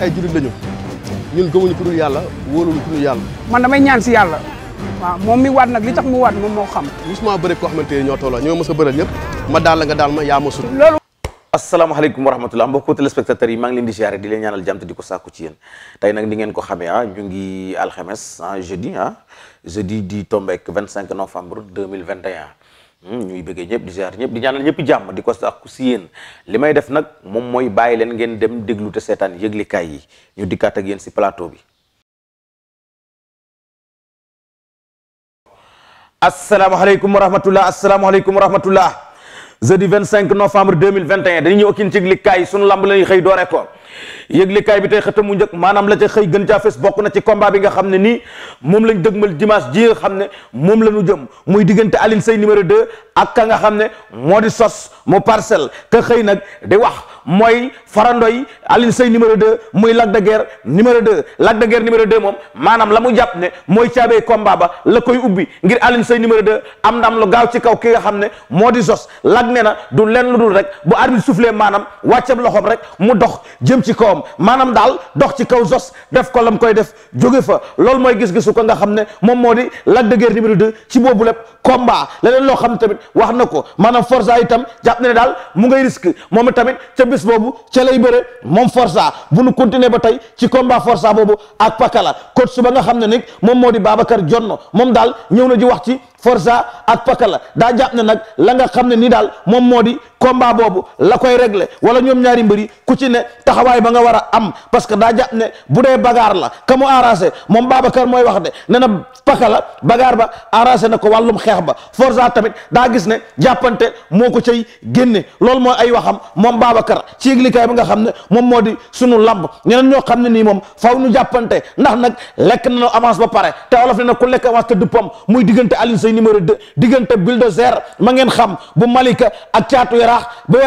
ay jullit lañu ñun gëmuñu ku dul yàlla wóoluñu ku dul yàlla. man damay ñaan si yàlla. waaw moom mi waat nag li tax mu waat moom moo xam. musuma bëri koo xamante ne ñoo tolloo ñoo mës a bëri ñëpp ma daal la nga daal ma yaa ma sut. loolu. asalaamaaleykum wa rahmatulah mbokku téléspectateurs yi maa ngi leen di siyaare di leen ñaanal jàmm di ko sàkku ci yéen tey nag di ngeen ko xamee ah ñu ngi alxames ah jeudi ah jeudi di tombe ak 25 novembre 2021. Hmm, ñuy bëggee ñëpp di ziar ñëpp di ñaanal ñëpp jàmm di ko sàkku si yéen li may def nag moom mooy bàyyi leen ngeen dem déglu te seetaan yëglikaay yi ñu dikkaat ak yéen si plateau bi. asalaamaaleykum wa rahmatulah asalaamaaleykum wa rahmatulah jeudi 25 novembre 2021 dañu ñëw ak yéen ci su sunu lamb lañuy xëy doore ko. yëglikaay bi tey xëta mu njëkk maanaam la ca xëy gën caa fes bokk na ci combat bi nga xam ne nii moom lañ dëgmal dimanche ji nga xam ne moom la ñu jëm muy diggante Alioune Seye numéro 2 ak ka nga xam ne moo di sos mu parcelle xëy nag di wax mooy farandoy Alioune numéro 2 muy Lac de Guerre numéro 2 Lac de Guerre numéro moom maanaam la mu jàpp ne mooy caabee combat ba la koy ubbi ngir alin Seye numéro de am ndam lu gaaw ci kaw ki nga xam ne moo di sos Lac nee na du lenn lu dul rek bu arbitre soufflé maanaam wàccam loxoom rek mu dox jëm jëm ci kawam maanaam daal dox ci kaw zos def ko lam koy def jóge fa loolu mooy gis-gisu ko nga xam ne moom moo di Lac de Guiers numéro 2 ci boobu lépp combat leneen loo xam ne tamit wax na ko maanaam Forza itam jàpp na ne daal mu ngay risque moom tamit ca bis boobu ca lay bëre moom Forza bu nu continuer ba tey ci combat Forza boobu ak Pakala coach su ba nga xam ne nag moom moo di Babacar Jonno moom daal ñëw na ji wax ci Forza ak Pakala daa jàpp ne nag la nga xam ne ni daal moom moo di combat boobu la koy régler wala ñoom ñaari mbëri ku ci ne taxawaay ba nga war a am parce que daa jàpp ne bu dee bagaar la ka mu moom baaba Babacar mooy wax de ne na Pakala bagaar ba arrangé na ko wàllum xeex ba Forza tamit daa gis ne jàppante moo ko cay génne loolu mooy ay waxam moom Babacar ci yëglikaay bi nga xam ne moom moo di sunu lamb ñeneen ñoo xam ne nii moom faw ñu jàppante ndax nag lekk na ku lekk say numéro deux diggante bulldozer ma ngeen xam bu Malika ak caatu yaraax ba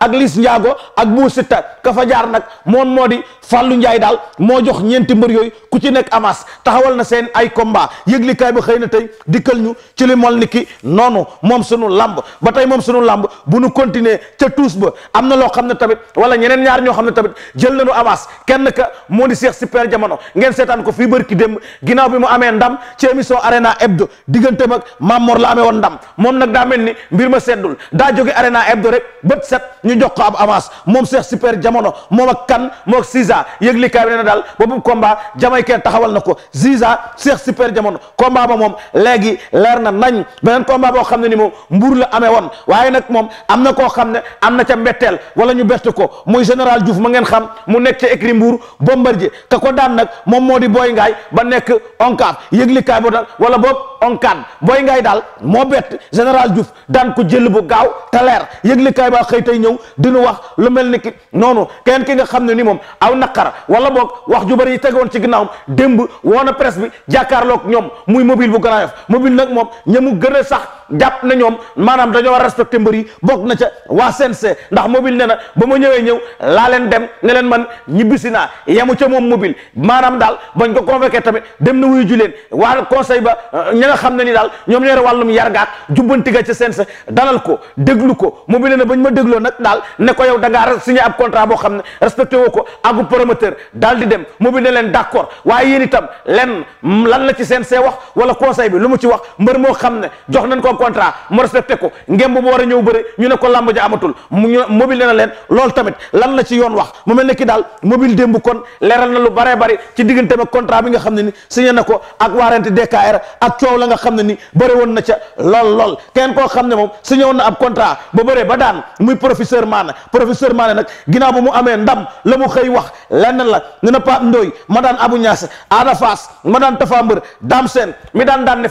ak Liss Ndiago ak Bou Siteu ka nag moom moo di Fallou Ndiaye daal moo jox ñeenti mbër yooyu ku ci nekk amas taxawal na seen ay combat yëglikaay bi xëy na tey dikkal ñu ci li mol ni noonu moom sunu lamb ba tey moom sunu làmb bu nu continuer ca tuus ba am na loo xam ne tamit wala ñeneen ñaar ñoo xam ne tamit jël nañu avance kenn ka moo di Cheikh Super Jamono ngeen seetaan ko fii bërki démb ginnaaw bi mu amee ndam ci émission Arena Hebdo digganteem ak Mamor la amee woon ndam moom nag daa mel ni mbir ma seddul daa jóge Arena Hebdo rek bët set ñu jox ko ab avance moom Cheikh Super Jamono moom ak kan moo ak Ziza yëglikaay bi nee na daal boobu combat jamaïcain taxawal na ko Ziza Cheikh Super Jamono combat ba moom léegi leer na nañ beneen combat boo xam ne ni moom mbuur la amee woon waaye nag moom am na xam ne am na ca mbetteel wala ñu bett ko muy général Diouf ma ngeen xam mu nekk ca écrit mbuur bombardier ka ko daan nag moom moo di booy ngaay ba nekk onkaaf yëglikaay boo daal wala boobu onkaan booy ngaay daal moo bett général Diouf daan ko jël bu gaaw te leer yëglikaay ba xëy tey ñëw ñëw nu wax lu mel ni ki noonu kenn ki nga xam ne ni moom aw naqar wala boog wax ju bari yi tegoon ci ginnaawam démb woon na presse bi jàkkaarloog ñoom muy mobile bu Grand mobil nag moom ñamu gën sax jàpp na ñoom maanaam dañoo war a respecté mbër yi bokk na ca waa CNC ndax mobile nee na ba ma ñëwee ñëw laa leen dem ne leen man ñibbisi naa yemu ca moom mobile maanaam daal bañ ko convoqué tamit dem na wuyu ju leen waa conseil ba euh, ña nga xam ne ni daal ñoom ñoo yore wàllum yargaat jubbanti ga ca CNC dalal ko déglu ko mobile nee na bañ ma dégloo nag daal ne ko yow da ngaa signé ab contrat boo xam ne respecté woo ko agu promoteur daal di dem mobile ne leen d' accord waaye yéen itam lenn lan la ci CNC wax wala conseil bi lu mu ci wax mbër moo xam ne jox nañ contrat mu respecté ko ngem bu war a ñëw bëre ñu ne ko làmb ja amatul mu ñu mobile leen loolu tamit lan la ci yoon wax mu mel ne daal mobile démb kon leeral na lu baree bari ci digganteem ak contrat bi nga xam ne ni signé na ko ak warante DKR ak coow la nga xam ne ni bëri woon na ca lool lool kenn koo xam ne moom signé woon na ab contrat ba bëree ba daan muy professeur Maana professeur Maana nag ginnaaw ba mu amee ndam la mu xëy wax lenn la ne na Pape Ndoye ma daan Abou Niass Ada Fass ma daan Tafa Mbër Dame Sène mi daan daan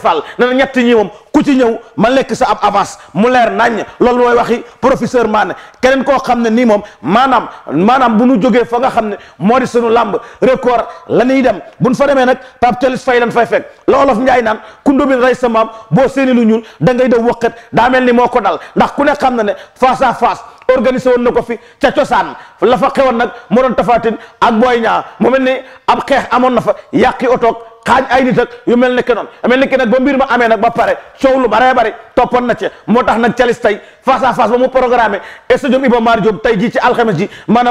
ma lekk sa ab avance mu leer naññ loolu mooy waxi professeur Mané keneen koo xam ne nii moom maanaam maanaam bu nu jógee fa nga xam ne moo di sunu làmb record la ñuy dem buñ fa demee nag Pape Thialis Faye lan fay fekk la Olof Njaay naan kundo bi rey sa maam boo seeni lu ñuul da ngay def waqat daa mel ni moo ko dal ndax ku ne xam na ne face à face organisé woon na ko fi ca cosaan la fa xewoon nag moo doon tafaatin ak booy ñaa mu mel ni ab xeex amoon na fa yàqi otoog xaaj ay nit ak yu mel nekke noonu yu mel nekke nag ba mbir ma amee nag ba pare coow lu baree bari toppoon na ci moo tax nag calis tey face à face ba mu programmé stadium Iba Mar Diop tey jii ci alxames ba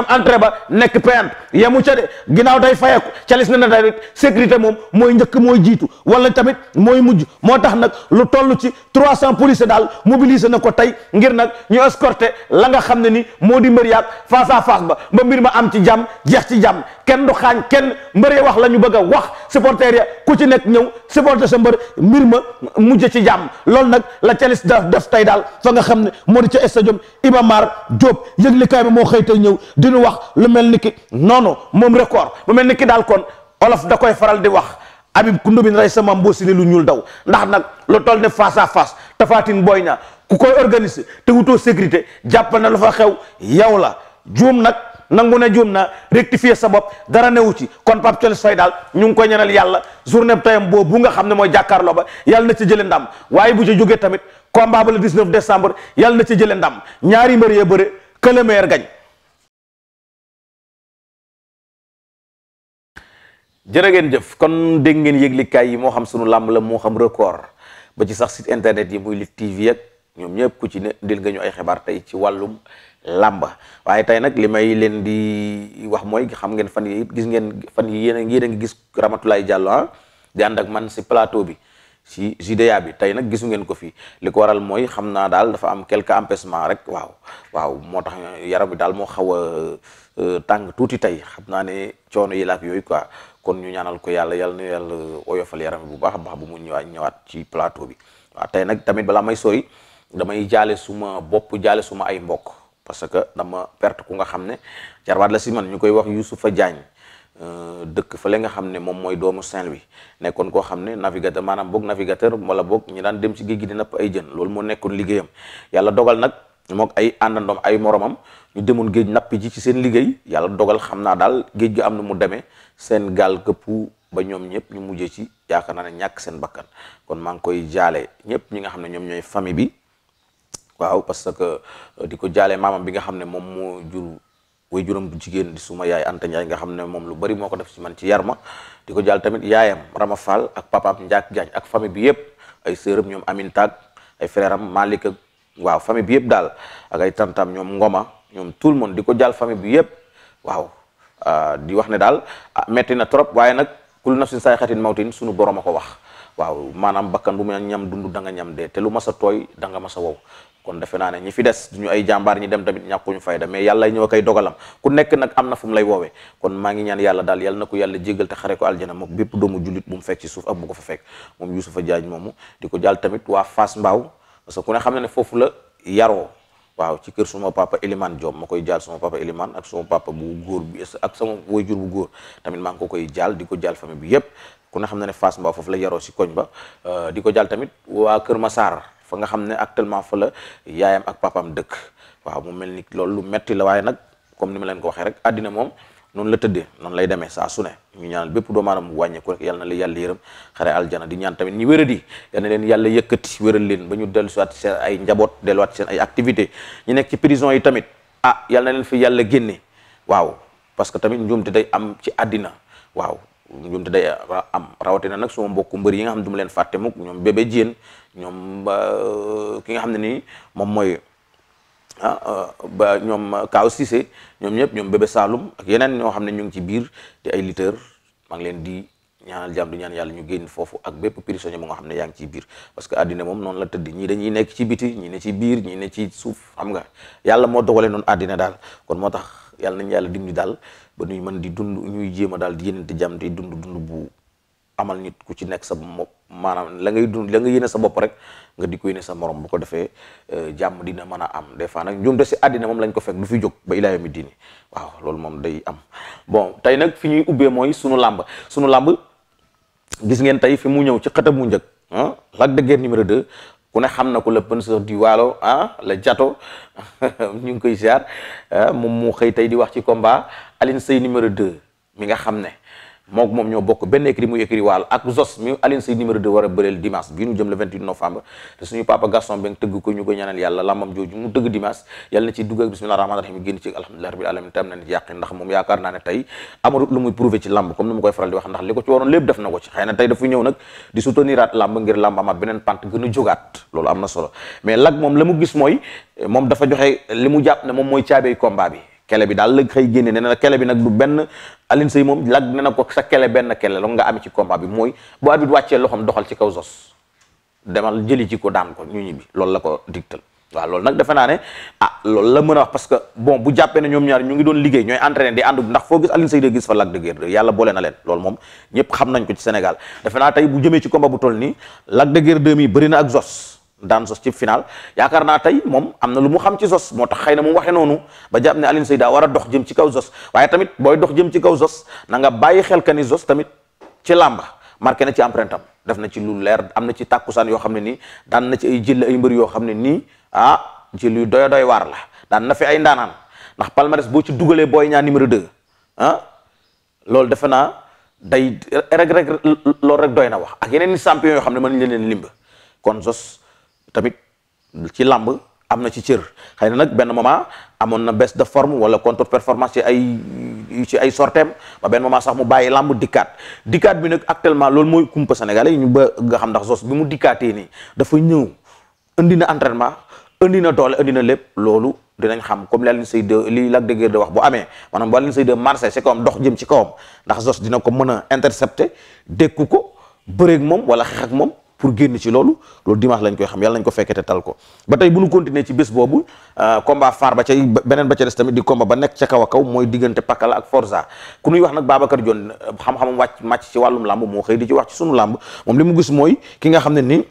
nekk payante yemu ca de ginnaaw day fayeku calis ne na tamit sécurité moom mooy njëkk mooy jiitu wala tamit mooy mujj moo tax nag lu toll ci trois cent policiers daal mobilisé na ko tey ngir nag ñu escorté la nga xam ne ni moo di mbër yaag face à ba ba mbir ma am ci jàmm jeex ci jàmm kenn du xaañ kenn mbëree wax la ñu bëgg a wax supporters ya ku ci nekk ñëw supporter sa mbër mbir ma mujj ci jàmm loolu nag la calis da def tey daal fa nga xam ne moo di ca stadium Iba Mar Diop yëglikaay bi moo xëy tey ñëw di wax lu mel ni ki noonu moom record mu mel ni ki daal kon olof da koy faral di wax Habib ku ndóbin rey sama mboosi ni lu ñuul daw ndax nag lu toll ne face à face tafaatin booy ña ku koy organiser te wutoo sécurité jàppal na lu fa xew yow la juum nag nangu ne juum na rectifier sa bopp dara newu ci kon Pape Thione daal ñu ngi koy ñaanal yàlla journée bi tayam boobu bu nga xam ne mooy jàkkaarloo ba yàlla na ci jële ndam waaye bu ci jógee tamit combat ba le 19 décembre yàlla ndam ñaari mbër yee bëre que le meilleur ngeen jëf kon dégg ngeen yëglikaay yi moo xam sunu làmb la moo xam record ba ci sax site internet yi muy Lutte TV ak ñoom ñëpp ku ci ne ndil nga ñu ay xibaar tey ci wàllum làmba waaye tey nag li may leen di wax mooy xam ngeen fan yi gis ngeen fan yi yéen a yéen a ngi gis Ramatoulaye Diallo ah di ànd ak man si plateau bi si JDA bi tey nag gisu ngeen ko fii li ko waral mooy xam naa daal dafa am quelque empêchement rek waaw waaw moo tax yaram bi daal moo xaw a euh, tàng tuuti tey xam naa ne coono yi laak yooyu quoi kon ñu ñaanal ko yàlla yàlla na yàlla oyofal yaram bi bu baax a baax bu mu ñëwaat ñëwaat ci plateau bi waaw tey nag tamit balaa may sooy damay jaale suma bopp jaale suma ay mbokk parce que dama perte ku nga xam ne jarbaat la si man ñu koy wax Youssoufa Diagne euh, dëkk fa fële nga xam ne moom mooy doomu Saint-Louis nekkoon koo xam ne navigateur maanaam boog navigateur wala boog ñi daan dem ci géej gi di napp ay jën loolu moo nekkoon liggéeyam yàlla dogal nag mook ay àndandoom ay moromam ñu demoon géej nappi ji ci seen liggéey yàlla dogal xam naa daal géej gi am na mu demee seen gaal këppu ba ñoom ñëpp ñu mujjee ci yaakaar naa ne ñàkk seen bakkan kon maa ngi koy jaale ñëpp nga xam ne ñoom ñooy famille bi waaw parce que euh, di ko jaale maamam bi nga xam ne moom moo jur way juram bu jigéen di suma yaay Anta Ndiaye nga xam ne moom lu bari moo ko def ci man ci yar ma di ko jaal tamit yaayam Rama Fall ak papaam Ndiak jaañ ak famille bi yëpp ay sërëm ñoom Amin Tag ay frère am Malick waaw famille bi yëpp daal ak ay tantam ñoom Ngoma ñoom tout le monde di ko jaal famille bi yëpp waaw euh, di wax ne daal ah, metti na trop waaye nag kul nafsin saay xatin mawtin sunu borom a ko wax waaw maanaam bakkan bu mu ñam dund da ñam te lu mas a tooy da nga mas a wow kon defe naa ne ñi fi des duñu ay jàmbaar ñi dem tamit ñàkkuñu fayda mais yàlla ñoo koy dogalam ku nekk nag am na fu mu lay woowee kon maa ngi ñaan yàlla daal yàlla na ko yàlla jégal te xare ko aljana moom bépp doomu jullit bu mu fekk ci suuf ak bu ko fa fekk moom Youssoufa Diagne moomu di ko jàll tamit waa Fass Mbao parce que ku ne xam ne ne foofu la yaroo waaw ci kër suma papa Elimane Diom ma koy jaal suma papa Elimane ak suma papa bu góor ak sama waajur bu góor tamit maa ngi ko koy jaal di ko jaal famille bi yépp ku ne xam ne ne Fass Mbao foofu la yaroo si koñ ba euh, di ko jaal tamit waa Kër ma saar fa nga xam ne actuellement fa la yaayam ak papam dëkk waaw mu mel ni loolu lu metti la waaye nag comme ni ma leen ko waxee rek àddina moom noonu la tëdde noonu lay demee saa su ne ñu ñaanal bépp doomu aadama mu wàññeeku rek yàlla na la yàlla yërëm xare aljana ñaan tamit ñi wéradi yal na leen yàlla yëkkati wéral leen ba ñu dellusiwaat seen ay njaboot delluwaat seen ay activité ñu nekk ci prison yi tamit ah yàlla na leen fi yàlla génne waaw parce que tamit njuumte day am ci àddina waaw njuumte day am rawatina nag suma mbokku mbër yi nga xam ne du ma leen fàtte mukk ñoom bébé jéen ñoom ki nga xam ne nii moom mooy ah, ah ba ñoom Kaaw Cissé ñoom ñëpp ñoom bébé saalum ak yeneen ñoo xam ne ñu ngi ci biir te ay maa ngi leen di ñaanal jàmm ñaan yàlla ñu génn foofu ak bépp prisonnier mu nga xam ne yaa ngi ci biir parce que àddina moom noonu la tëdd ñii dañuy nekk ci biti ñii ne ci biir ñii ne ci suuf xam nga yàlla moo dogalee noonu àddina daal kon moo tax yàlla nañu yàlla dimbali daal ba ñuy mën di dund ñuy jéem a daal di yénente jàmm te dund dund bu amal nit ku ci nekk sa mo maanaam la ngay dund la nga yéene sa bopp rek nga di ko yéene sa morom bu ko defee euh, jàmm dina mën a am des fois nag ñoom de si àddina moom lañ ko fekk du fi jóg ba ilaa mi diini waaw loolu moom day am bon tey nag fi ñuy ubbee mooy sunu làmb sunu làmb gis ngeen tey fi mu ñëw ci xëtam mu njëkk ah Lac de Guiers numéro ku ne xam na ko le penseur du Waalo ah la jato ñu ngi koy ziar ah, moom mu xëy tey di wax ci combat Alioune Seye numéro 2 mi nga xam ne moom moom ñoo bokk benn écrit muy écrit waal ak zos mi Alioune Seye numéro 2 war a bëreel dimanche bii ñu jëm le 28 novembre te suñu papa Gaston Beng tëgg ko ñu ko ñaanal yàlla làmbam jooju mu tëgg dimanche yàlla na ci dugg bismillah rahmaan rahim génn ne tey amatut lu muy prouvé ci làmb comme ni ma koy faral di wax ndax li ko ci waroon lépp def na ko ci xëy na tey dafa ñëw nag di souteniraat làmb ngir làmb amaat beneen pant gën a loolu am na solo mais lag moom la mu mooy moom dafa joxe li mu jàpp ne moom mooy caabey combat bi kele bi daal la xëy génne nee na kele bi nag du benn Alioune Seye moom lag ne na ko sa kele benn kele la nga amee ci combat bi mooy bu arbitre wàccee loxoom doxal ci kaw Zos demal jëli loolu la ko digtal waaw loolu nag defe naa ne ah loolu la a wax parce que bon bu jàppee ne ñoom ñaar ñu ngi doon liggéey ñooy entraîné di ànd ndax foo gis Alioune Seye de gis fa Lac de Guiers yàlla boole na leen lool moom ñëpp xam nañ ko ci Sénégal defe naa tey bu jëmee ci combat bu toll nii Lac de Guiers 2 mi bëri na ak Zos daan sos ci final yaakaar naa tey moom am na lu mu xam ci sos moo tax xëy na mu waxee noonu ba jàpp ne Alioune Seye daa war a dox jëm ci kaw sos waaye tamit booy dox jëm ci kaw sos na nga bàyyi xel ka ni sos tamit ci làmba marqué na ci empreinte am def na ci lu leer am na ci tàkkusaan yoo xam ne nii daan na ci ay jël ay mbër yoo xam ne nii ah jël yu doy doy waar la daan na fi ay ndaanaan ndax palmarès boo ci dugalee booy ñaa numéro 2 ah defe naa day rek rek loolu rek doy na wax ak yeneen i champion yoo xam ne mën nañ leen limba kon sos tamit ci làmb am na ci cër xëy na nag benn moment amoon na baisse de forme wala contre performance ci ay ci ay sorteem ba benn moment sax mu bàyyi làmb dikkaat dikkaat bi nag actuellement loolu mooy kumpa sénégalais ñu ba nga xam ndax Zoss bi mu dikkaatee nii dafa ñëw indi na entraînement indi na doole indi na lépp loolu dinañ xam comme li Alioune Seye de li Lac de Guiers wax bu amee maanaam bu Alioune Seye de marché ci kawam dox jëm ci kawam ndax Zoss dina ko mën a intercepter dékku ko bëreeg moom wala ak moom pour génn ci loolu loolu dimanche lañ koy xam yàlla lañ ko fekkee te tal ko ba tey bu ñu continuer ci bés boobu euh, combat phare ba ca beneen ba ca des tamit di combat ba nekk ca kaw a kaw mooy diggante Pakala ak Forza ku ñuy wax nag Babacar Dione euh, xam-xamam wàcc màcc ci wàllum làmb moo xëy di ci wax ci sunu làmb moom li mu gis mooy ki nga xam ne ni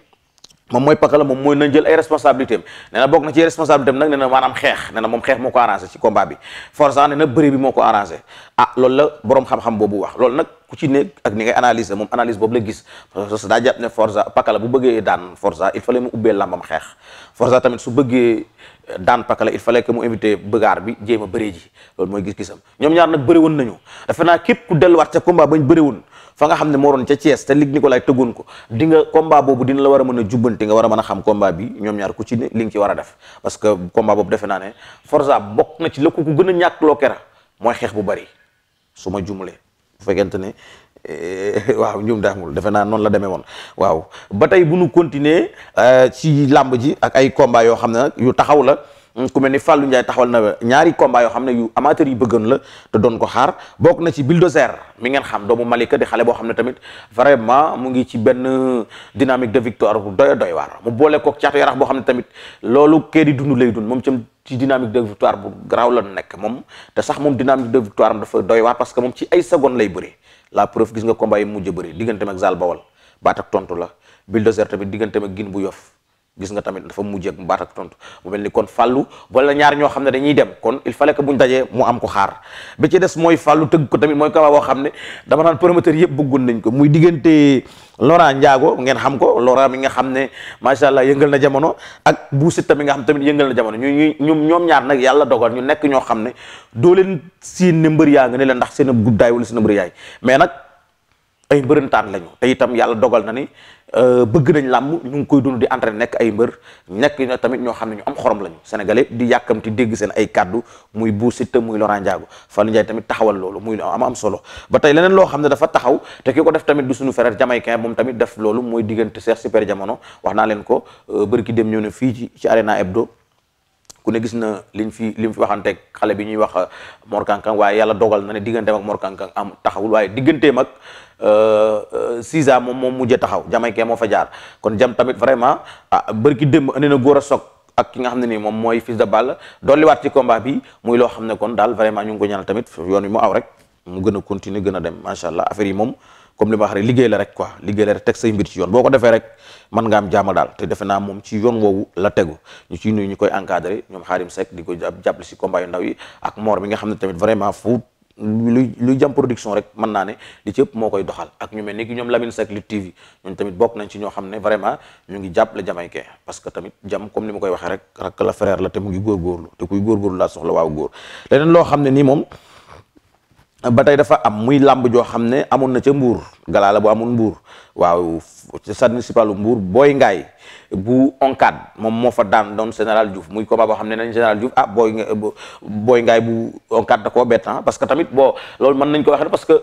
moom mooy Pakala moom mooy nañ jël ay responsabilité am nee na bokk na ci responsabilité am nag nee maanaam xeex nee na moom xeex moo ko arrangé ci combat bi Forza bëri bi moo ko arrangé ah la boroom xam-xam wax loolu nag ku ci nekk ak ni ngay analyser moom analyse boobu la gis parce que daa jàpp ne Forza Pakala bu bëggee daan Forza il fallait mu ubbee làmbam xeex Forza tamit su bëggee daan Pakala il fallait que mu invité bëgaar bi jéem a bëree ji loolu mooy gis-gisam ñoom ñaar nag bëri woon nañu defe naa képp ku delluwaat ca combat bañ bëri woon fa nga xam ne moo doon ca Thiès te Ligue Nicolas tëggoon ko di nga combat boobu dina la war a mën a jubbanti nga war a mën a xam combat bi ñoom ñaar ku ci ne li nga ci war a def parce que combat boobu defe naa ne Forza bokk na ci lëkku ku gën a ñàkk loo kera mooy xeex bu bëri su ma jumlee fekkente ne eh, waaw ñoom daa amul defe naa noonu la demee woon waaw ba tey bu nu continuer eh, ci làmb ji ak ay combat yoo xam ne yu taxaw la mm, ku mel ni Fallou Ndiaye taxawal na ñaari komba yoo xam ne yu amateur yi bëggoon la te doon ko xaar bokk na ci bulldozer mi ngeen xam doomu Malika di xale boo xam ne tamit vraiment mu ngi ci benn dynamique de victoire bu doy doy waar mu boole kook caatu yarax boo xam ne tamit loolu kee di dund lay dund moom tam ci dynamique de victoire bu garaaw la nekk moom te sax moom dynamique de victoire dafa doy waar parce que moom ci ay seconde lay bëre la preuve gis nga combat yi mujj a bëre digganteem ak Zal Bawal baat ak tontu la Bulldozer tamit digganteem ak Gine bu Yoff gis nga tamit dafa mujj ak mbaat ak tontu mu mel ni kon fàllu wala ñaar ñoo xam ne dañuy dem kon il fallait que buñ dajee mu am ko xaar ba ci des mooy fallu tëgg ko tamit mooy kawa boo xam ne dama naan yëpp bëggoon nañ ko muy diggante Laurent Ndiago ngeen xam ko Laurent mi nga xam ne macha allah yëngal na jamono ak Bou Siteu mi nga xam tamit yëngal na jamono ñu ñu ñoom ñaar nag yàlla dogal ñu nekk ñoo xam ne doo leen siin ne mbër yaa nga ne la ndax seen guddaay wala seen mbër yaay mais nag ay mbërëntaan lañu te itam yàlla dogal na ni euh, bëgg nañ làmb ñu ngi koy dund di entraîné nekk ay mbër nekk na tamit ñoo xam ne ñu am xorom lañu Sénégalais di yàkkamti dégg seen ay kàddu muy Bou Siteu muy Laurent Ndiago Fallou Ndiaye tamit taxawal loolu muy am am solo ba tey leneen loo xam ne dafa taxaw te ki ko def tamit du suñu frère jamaïcain moom tamit def loolu mooy diggante Cheikh Super Jamono wax naa leen ko euh, bërki dem ñëw na fii ci ci Arena Hebdo ku ne gis na liñ fi liñ fi waxanteeg xale bi ñuy wax euh, Mor Kankang waaye yàlla dogal na ne digganteem ak Mor Kankang am taxawul waaye digganteem ak euh, euh, Siza moom moom mujjee taxaw jamay jamaykee moo fa jaar kon jam tamit vraiment ah bërki démb andi a góor a soog ak ki nga xam ne nii moom mooy Fils de Balla waat ci combat bi muy loo xam ne kon daal vraiment ñu ngi ko ñaanal tamit yoon wi mu aw rek mu gën a continuer gën a dem macha allah affaire yi moom. comme li ma wax rek liggéey la rek quoi liggéey la rek teg say mbir ci yoon boo ko defee rek mën nga jaama daal te defe naa moom ci yoon woowu la tegu ñu ciy nuyu ñu koy encadré ñoom ko jàppale si combat yu ndaw yi ak Mor ne tamit vraiment fu lu luy jam production rek mën naa ne li ci ëpp moo koy doxal ak ñu mel ni ki ñoom Lamine Seck li TV ñun tamit bokk nañ ci ñoo xam ne vraiment ñu ngi jàppale jamaykee parce que tamit jam comme ni ma koy waxee rek rak la frère la te mu ngi góorgóorlu te kuy góorgóorlu laa soxla waaw góor leneen loo ba tey dafa am muy làmb joo xam ne amoon na ca mbuur galaa la bu amul mbuur waaw ca stade municipal mbuur booy ngaay bu oncad moom moo fa daan doon général Diouf muy ko combat boo xam ne nañ général Diouf ah booy booy ngaay bu oncad da koo bett ah, parce que tamit boo loolu mën nañ ko waxee parce que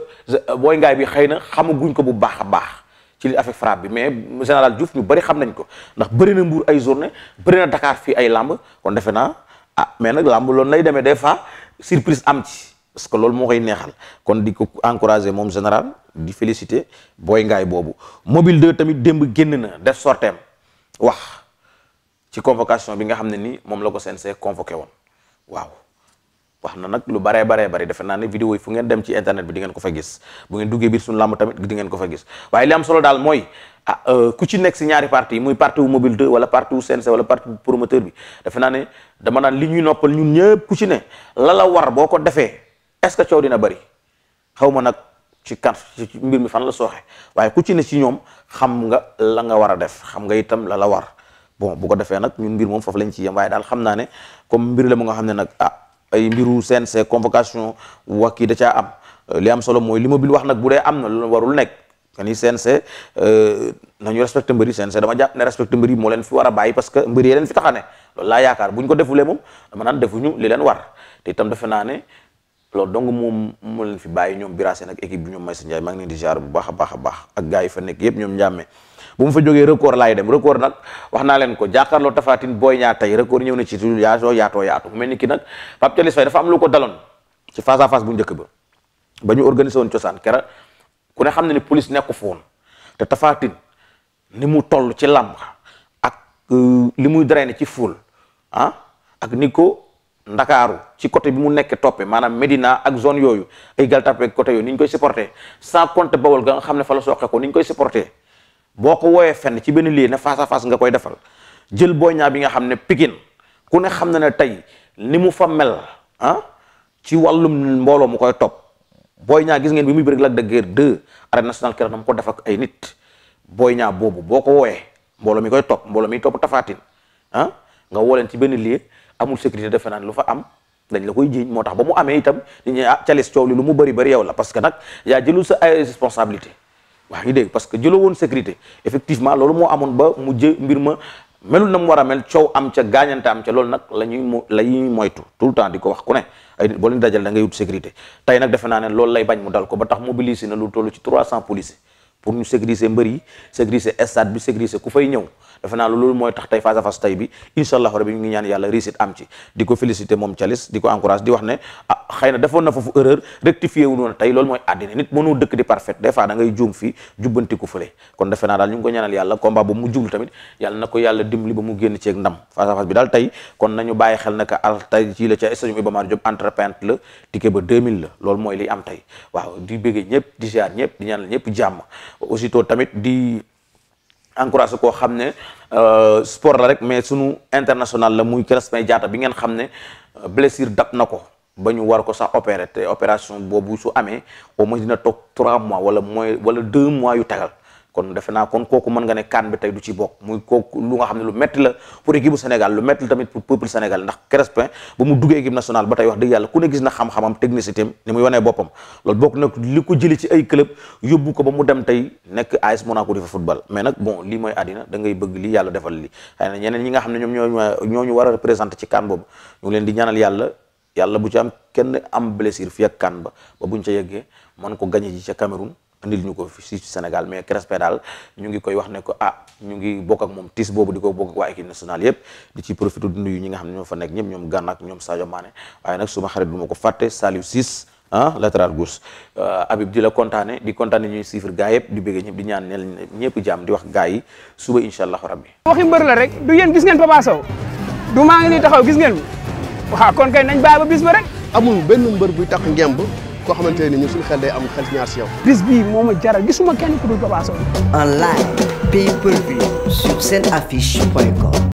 booy ngaay bi xëy na xamaguñ ko bu baax a baax ci li affaire frappe bi mais général Diouf ñu bëri xam nañ ko ndax bëri na mbuur ay journée bëri na Dakar fii ay làmb kon defe naa ah mais nag làmb loolu lay demee des fois surprise am ci parce que loolu moo koy neexal kon di ko encourager moom général di féliciter booy ngaay boobu mobile de tamit démb génn na def sorteem wax ci convocation bi nga xam ne nii moom la ko CNG convoqué woon waaw wax na nag lu baree baree bari defe naa ne vidéo yi fu ngeen dem ci internet bi di ngeen ko fa gis bu ngeen duggee biir suñu làmb tamit di ngeen ko fa gis waaye li am solo daal mooy ah euh, ku ci nekk si ñaari parti muy parti wu mobile 2 wala parti wu CNG wala parti wu promoteur bi defe ne dama naan li ñuy noppal ñun ñëpp ku ci ne la la war boo ko defee est-ce que coow dina bari xaw ma nag ci kan mbir mi fan la sooxe waaye ku ci ne ci ñoom xam nga la nga war a def xam nga itam la la war bon bu ko defee nag ñun mbir moom foofu lañ ci yem waaye xam naa ne comme mbir la mu nga xam ne nag ah ay mbiru CNC convocation wax kii da caa am li am solo mooy li ma bil wax nag bu dee am na lu warul nekk kan ni CNC euh, nañu respecté mbëri CNC dama jàpp ne respecté mbëri moo leen fi war a parce que mbëri yee leen fi taxane loolu laa yaakaar bu ñu ko defulee moom dama naan defuñu li leen war te itam defe naa ne loolu donc moom moo leen fi bàyyi ñoom Bira Sène ak bi ñoom Maysa Ndiaye maa ngi leen di ziar bu baax a baax a baax ak gars yi fa nekk yépp ñoom njàmmee bu mu fa jógee record laay dem record nag wax naa leen ko jàkkaarloo tafaatin booy ñaa tey record ñëw na ci tuuti yaatoo yaatoo yaatu mu mel ni ki nag Pape Thialis Faye dafa am lu ko daloon ci face à bu njëkk ba ba ñu cosaan kera ku ne xam ne ni police nekku fa woon te tafaatin ni mu toll ci làmb ak euh, li muy drainer ci ful ah, ko ndakaaru ci côté bi mu nekk toppe maanaam Médina ak zone yooyu ay galtappe côté yooyu ni ñu koy supporter sans compter bawol ga nga xam ne fa la soqe ko ni ñu koy supporter boo ko woowee fenn ci benn lii ne face à nga koy defal jël Boy ñaar bi nga xam ne Pikine ku ne xam na ne tey ni mu fa mel ah ci wàllum mbooloo mu koy topp booy ñaar gis ngeen bi muy bëri Lac de Guiers 2 arène nationale keroog na mu ko def ak ay nit Boy Niang boobu boo ko woowee mbooloo mi koy topp mbooloo mi topp Tapha ah nga woo ci benn lii amul sécurité defe naan lu fa am dañ la koy jiiñ moo tax ba mu amee itam nit ñi ah calis coow li lu mu bëri bëri yow la parce que nag yaa jëlul sa ay responsabilité waa ngi dégg parce que jëloo woon sécurité effectivement loolu moo amoon ba mu jë mbir ma melul na mu war a mel coow am ca gaañante am ca loolu nag la ñuy mo la ñuy moytu tout le temps di ko wax ku ne ay boo dajal da ngay sécurité tey nag defe naa ne loolu lay bañ mu dal ko ba tax mobiliser na lu toll ci 300 policiers pour ñu sécuriser mbër yi sécuriser stade bi sécuriser ku fay ñëw defe naa loolu mooy tax tey face à face tey bi incha allah rabi ñu ngi ñaan yàlla réussite am ci di ko féliciter moom Thialis di ko encourage di wax ne ah xëy na defoon na foofu erreur rectifié wu noonu tey loolu mooy àddina nit mënoo dëkk di parfait des fois da ngay juum fii jubbantiku fële kon defe naa daal ñu ngi ko ñaanal yàlla combat bu mu jublu tamit yàlla na ko yàlla dimbali ba mu génn ceeg ndam face à face bi daal tey kon nañu bàyyi xel ne que al tey ci la ca stade Iba Mar Diop entreprenant la ticket ba 2000 la loolu mooy li am tey waaw di bëggee ñëpp di ziar ñëpp di ñaanal ñëpp jàmm aussi aussitôt tamit di encouragé koo xam ne euh, sport la rek mais sunu international la muy Krépin Diatta bi ngeen xam ne euh, blessure dab na ko ba ñu war ko sax opérer te opération boobu su amee au moins dina toog trois mois wala mooy wala deux mois yu tagal kon defe naa kon kooku mën nga ne kan bi tey du ci bokk muy kooku lu nga xam ne lu metti la pour équipe bu Sénégal lu metti la tamit pour peuple Sénégal ndax Crespin ba mu duggee équipe nationale ba tey wax dëgg yàlla ku ne gis na xam-xamam technicité am ni muy wanee boppam loolu bokk ko jëli ci ay club ko ba mu dem tey nekk AS Monaco di fa football mais nag bon lii mooy àddina da bëgg lii yàlla defal lii xëy na ñeneen nga xam ne ñoom ñoo ñooñu war a représenté ci kan boobu ñu ngi leen di ñaanal yàlla yàlla bu ci am kenn am blessure fi ak kan ba ba ñu ca yeggee mën ko gañe ji ca Cameroun andil ñu ko fii ci Sénégal mais Crespin daal ñu ngi koy wax ne ko ah ñu ngi bokk ak moom tiis boobu di ko bokk ak waa équipe nationale yëpp di ci profité di nuyu xam nekk ñoom Gana ak ah, euh, waxi mbër rek du yéen gis ngeen Papa du maa nii taxaw gis ngeen mi kon kay nañ bàyyi ba bis ba rek amul benn mbër buy tax ngemb koo xamante ni ñu suñu xel day am xel ñaar si yow. bis bii moo ma jaral gisuma kenn ku dul Papa Sow. en live pay per view sur point com.